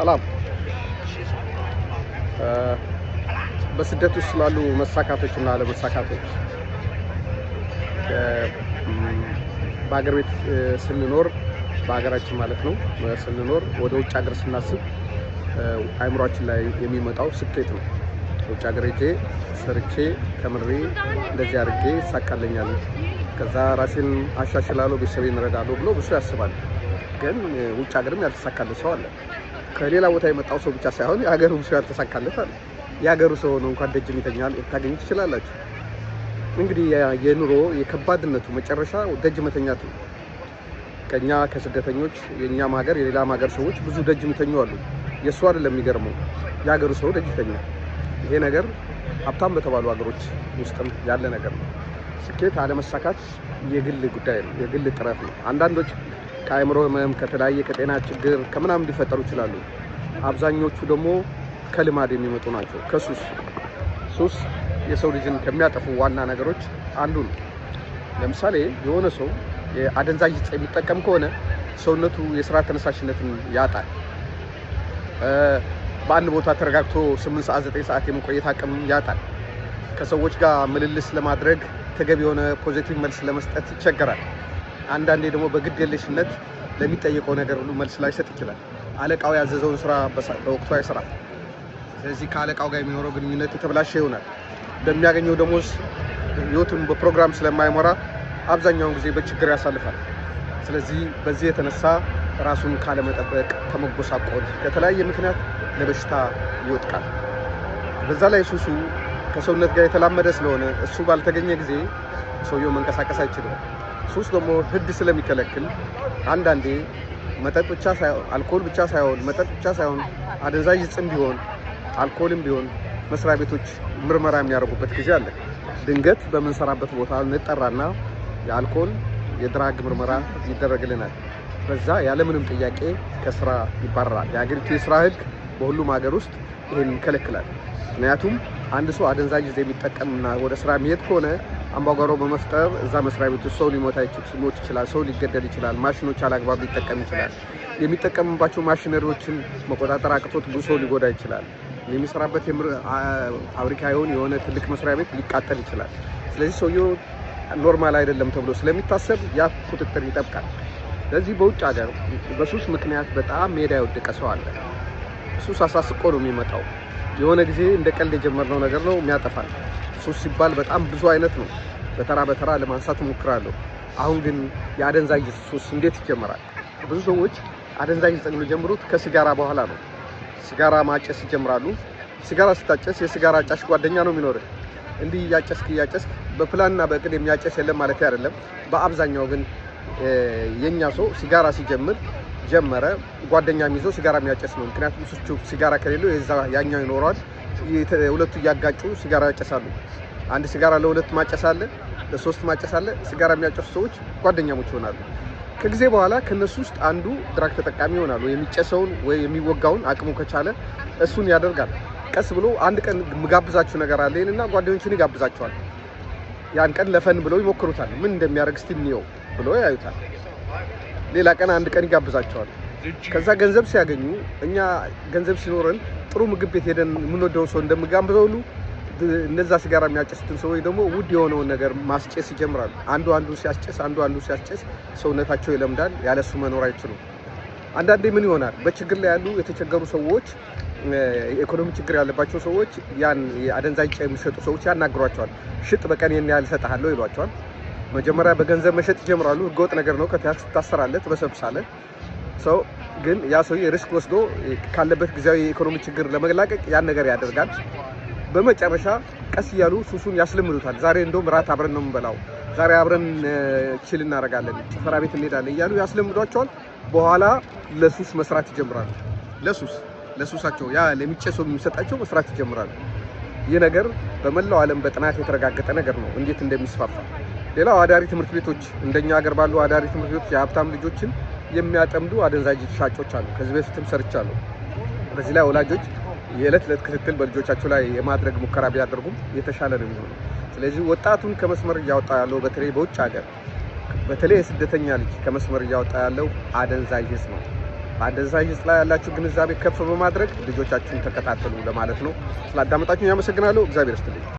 ሰላም በስደት ውስጥ ስላሉ መሳካቶች እና አለመሳካቶች በሀገር ቤት ስንኖር በሀገራችን ማለት ነው ስንኖር ወደ ውጭ ሀገር ስናስብ አይምሯችን ላይ የሚመጣው ስኬት ነው። ውጭ ሀገር ሄጄ ሰርቼ ከምሬ እንደዚህ አድርጌ ይሳካለኛል፣ ከዛ ራሴን አሻሽላለሁ፣ ቤተሰቤን እረዳለሁ ብሎ ብሱ ያስባል። ግን ውጭ ሀገርም ያልተሳካለ ሰው አለ። ከሌላ ቦታ የመጣው ሰው ብቻ ሳይሆን የሀገሩ ሰው ያልተሳካለት አለ። የሀገሩ ሰው ሆኖ እንኳን ደጅ ይተኛል ልታገኙ ትችላላችሁ። እንግዲህ የኑሮ የከባድነቱ መጨረሻ ደጅ መተኛት ነው። ከኛ ከስደተኞች የእኛም ሀገር የሌላም ሀገር ሰዎች ብዙ ደጅ የሚተኙ አሉ። የእሱ አይደለም የሚገርመው፣ የሀገሩ ሰው ደጅ ይተኛል። ይሄ ነገር ሀብታም በተባሉ ሀገሮች ውስጥም ያለ ነገር ነው። ስኬት አለመሳካት የግል ጉዳይ ነው፣ የግል ጥረት ነው። አንዳንዶች ከአእምሮ ህመም፣ ከተለያየ ከጤና ችግር ከምናምን ሊፈጠሩ ይችላሉ። አብዛኞቹ ደግሞ ከልማድ የሚመጡ ናቸው። ከሱስ ሱስ የሰው ልጅን ከሚያጠፉ ዋና ነገሮች አንዱ ነው። ለምሳሌ የሆነ ሰው የአደንዛዥ የሚጠቀም ከሆነ ሰውነቱ የስራ ተነሳሽነትን ያጣል። በአንድ ቦታ ተረጋግቶ 8 ሰዓት 9 ሰዓት የመቆየት አቅም ያጣል። ከሰዎች ጋር ምልልስ ለማድረግ ተገቢ የሆነ ፖዚቲቭ መልስ ለመስጠት ይቸገራል። አንዳንዴ ደግሞ የለሽነት ለሚጠየቀው ነገር ሁሉ መልስ ላይሰጥ ይችላል። አለቃው ያዘዘውን ስራ በወቅቱ አይሰራ። ስለዚህ ከአለቃው ጋር የሚኖረው ግንኙነት የተበላሸ ይሆናል። በሚያገኘው ደሞዝ ህይወቱን በፕሮግራም ስለማይሞራ አብዛኛውን ጊዜ በችግር ያሳልፋል። ስለዚህ በዚህ የተነሳ ራሱን ካለመጠበቅ፣ ከመጎሳቆል፣ ከተለያየ ምክንያት ለበሽታ ይወጥቃል። በዛ ላይ ሱሱ ከሰውነት ጋር የተላመደ ስለሆነ እሱ ባልተገኘ ጊዜ ሰውየው መንቀሳቀስ አይችልም። ሱስ ደግሞ ህግ ስለሚከለክል አንዳንዴ መጠጥ ብቻ ሳይሆን አልኮል ብቻ ሳይሆን መጠጥ ብቻ ሳይሆን አደንዛዥ እጽም ቢሆን አልኮልም ቢሆን መስሪያ ቤቶች ምርመራ የሚያደርጉበት ጊዜ አለ። ድንገት በምንሰራበት ቦታ እንጠራና የአልኮል የድራግ ምርመራ ይደረግልናል። በዛ ያለምንም ጥያቄ ከስራ ይባረራል። የሀገሪቱ የስራ ህግ በሁሉም ሀገር ውስጥ ይህን ይከለክላል። ምክንያቱም አንድ ሰው አደንዛዥ ጊዜ የሚጠቀምና ወደ ስራ የሚሄድ ከሆነ አምባጓሮ በመፍጠር እዛ መስሪያ ቤት ሰው ሊሞታ ሊሞት ይችላል፣ ሰው ሊገደል ይችላል፣ ማሽኖች አላግባብ ሊጠቀም ይችላል፣ የሚጠቀምባቸው ማሽነሪዎችን መቆጣጠር አቅቶት ብዙ ሰው ሊጎዳ ይችላል፣ የሚሰራበት ፋብሪካ ይሁን የሆነ ትልቅ መስሪያ ቤት ሊቃጠል ይችላል። ስለዚህ ሰውየው ኖርማል አይደለም ተብሎ ስለሚታሰብ ያ ቁጥጥር ይጠብቃል። ስለዚህ በውጭ ሀገር በሱስ ምክንያት በጣም ሜዳ የወደቀ ሰው አለ። ሱስ አሳስቆ ነው የሚመጣው። የሆነ ጊዜ እንደ ቀልድ የጀመርነው ነገር ነው የሚያጠፋል። ሱስ ሲባል በጣም ብዙ አይነት ነው። በተራ በተራ ለማንሳት እሞክራለሁ። አሁን ግን የአደንዛዥ ሱስ እንዴት ይጀመራል? ብዙ ሰዎች አደንዛዥ ዕፅ የሚጀምሩት ከሲጋራ በኋላ ነው። ሲጋራ ማጨስ ይጀምራሉ። ሲጋራ ስታጨስ የሲጋራ አጫሽ ጓደኛ ነው የሚኖርህ። እንዲህ እያጨስክ እያጨስክ በፕላንና በእቅድ የሚያጨስ የለም ማለት አይደለም። በአብዛኛው ግን የኛ ሰው ሲጋራ ሲጀምር ጀመረ። ጓደኛም ይዞ ሲጋራ የሚያጨስ ነው። ምክንያቱም ሱቹ ሲጋራ ከሌለው የዛ ያኛው ይኖረዋል። ሁለቱ እያጋጩ ሲጋራ ያጨሳሉ። አንድ ሲጋራ ለሁለት ማጨስ አለ፣ ለሶስት ማጨስ አለ። ሲጋራ የሚያጨሱ ሰዎች ጓደኛሞች ይሆናሉ። ከጊዜ በኋላ ከነሱ ውስጥ አንዱ ድራግ ተጠቃሚ ይሆናል። ወይ የሚጨሰውን ወይ የሚወጋውን አቅሙ ከቻለ እሱን ያደርጋል። ቀስ ብሎ አንድ ቀን ምጋብዛችሁ ነገር አለ እና ጓደኞቹን ይጋብዛቸዋል። ያን ቀን ለፈን ብለው ይሞክሩታል። ምን እንደሚያደርግ እስቲ እንየው ብሎ ያዩታል። ሌላ ቀን አንድ ቀን ይጋብዛቸዋል። ከዛ ገንዘብ ሲያገኙ እኛ ገንዘብ ሲኖረን ጥሩ ምግብ ቤት ሄደን የምንወደውን ሰው እንደምጋብዘው ሁሉ እነዛ ሲጋራ የሚያጨሱትን ሰዎች ደግሞ ውድ የሆነውን ነገር ማስጨስ ይጀምራሉ። አንዱ አንዱ ሲያስጨስ፣ አንዱ አንዱ ሲያስጨስ ሰውነታቸው ይለምዳል። ያለሱ መኖር አይችሉም። አንዳንዴ ምን ይሆናል? በችግር ላይ ያሉ የተቸገሩ ሰዎች፣ የኢኮኖሚ ችግር ያለባቸው ሰዎች ያን አደንዛዥ የሚሸጡ ሰዎች ያናግሯቸዋል። ሽጥ፣ በቀን ይህን ያህል እሰጥሃለሁ ይሏቸዋል። መጀመሪያ በገንዘብ መሸጥ ይጀምራሉ። ህገወጥ ነገር ነው። ከታክስ ትታሰራለህ፣ ትበሰብሳለህ። ሰው ግን ያ ሰውዬ ሪስክ ወስዶ ካለበት ጊዜያዊ የኢኮኖሚ ችግር ለመላቀቅ ያን ነገር ያደርጋል። በመጨረሻ ቀስ እያሉ ሱሱን ያስለምዱታል። ዛሬ እንደውም ራት አብረን ነው የምንበላው፣ ዛሬ አብረን ችል እናደርጋለን፣ ጭፈራ ቤት እንሄዳለን እያሉ ያስለምዷቸዋል። በኋላ ለሱስ መስራት ይጀምራሉ። ለሱስ ለሱሳቸው ያ ለሚጨሰው የሚሰጣቸው መስራት ይጀምራሉ። ይህ ነገር በመላው ዓለም በጥናት የተረጋገጠ ነገር ነው እንዴት እንደሚስፋፋ ሌላው አዳሪ ትምህርት ቤቶች እንደኛ ሀገር ባሉ አዳሪ ትምህርት ቤቶች የሀብታም ልጆችን የሚያጠምዱ አደንዛዥ ሻጮች አሉ። ከዚህ በፊትም ሰርቻለሁ። በዚህ ላይ ወላጆች የዕለት ዕለት ክትትል በልጆቻቸው ላይ የማድረግ ሙከራ ቢያደርጉም የተሻለ ነው የሚሆነው። ስለዚህ ወጣቱን ከመስመር እያወጣ ያለው በተለይ በውጭ ሀገር በተለይ የስደተኛ ልጅ ከመስመር እያወጣ ያለው አደንዛዥ ዕፅ ነው። በአደንዛዥ ዕፅ ላይ ያላችሁ ግንዛቤ ከፍ በማድረግ ልጆቻችሁን ተከታተሉ ለማለት ነው። ስላዳመጣችሁን ያመሰግናለሁ። እግዚአብሔር ይስጥልኝ።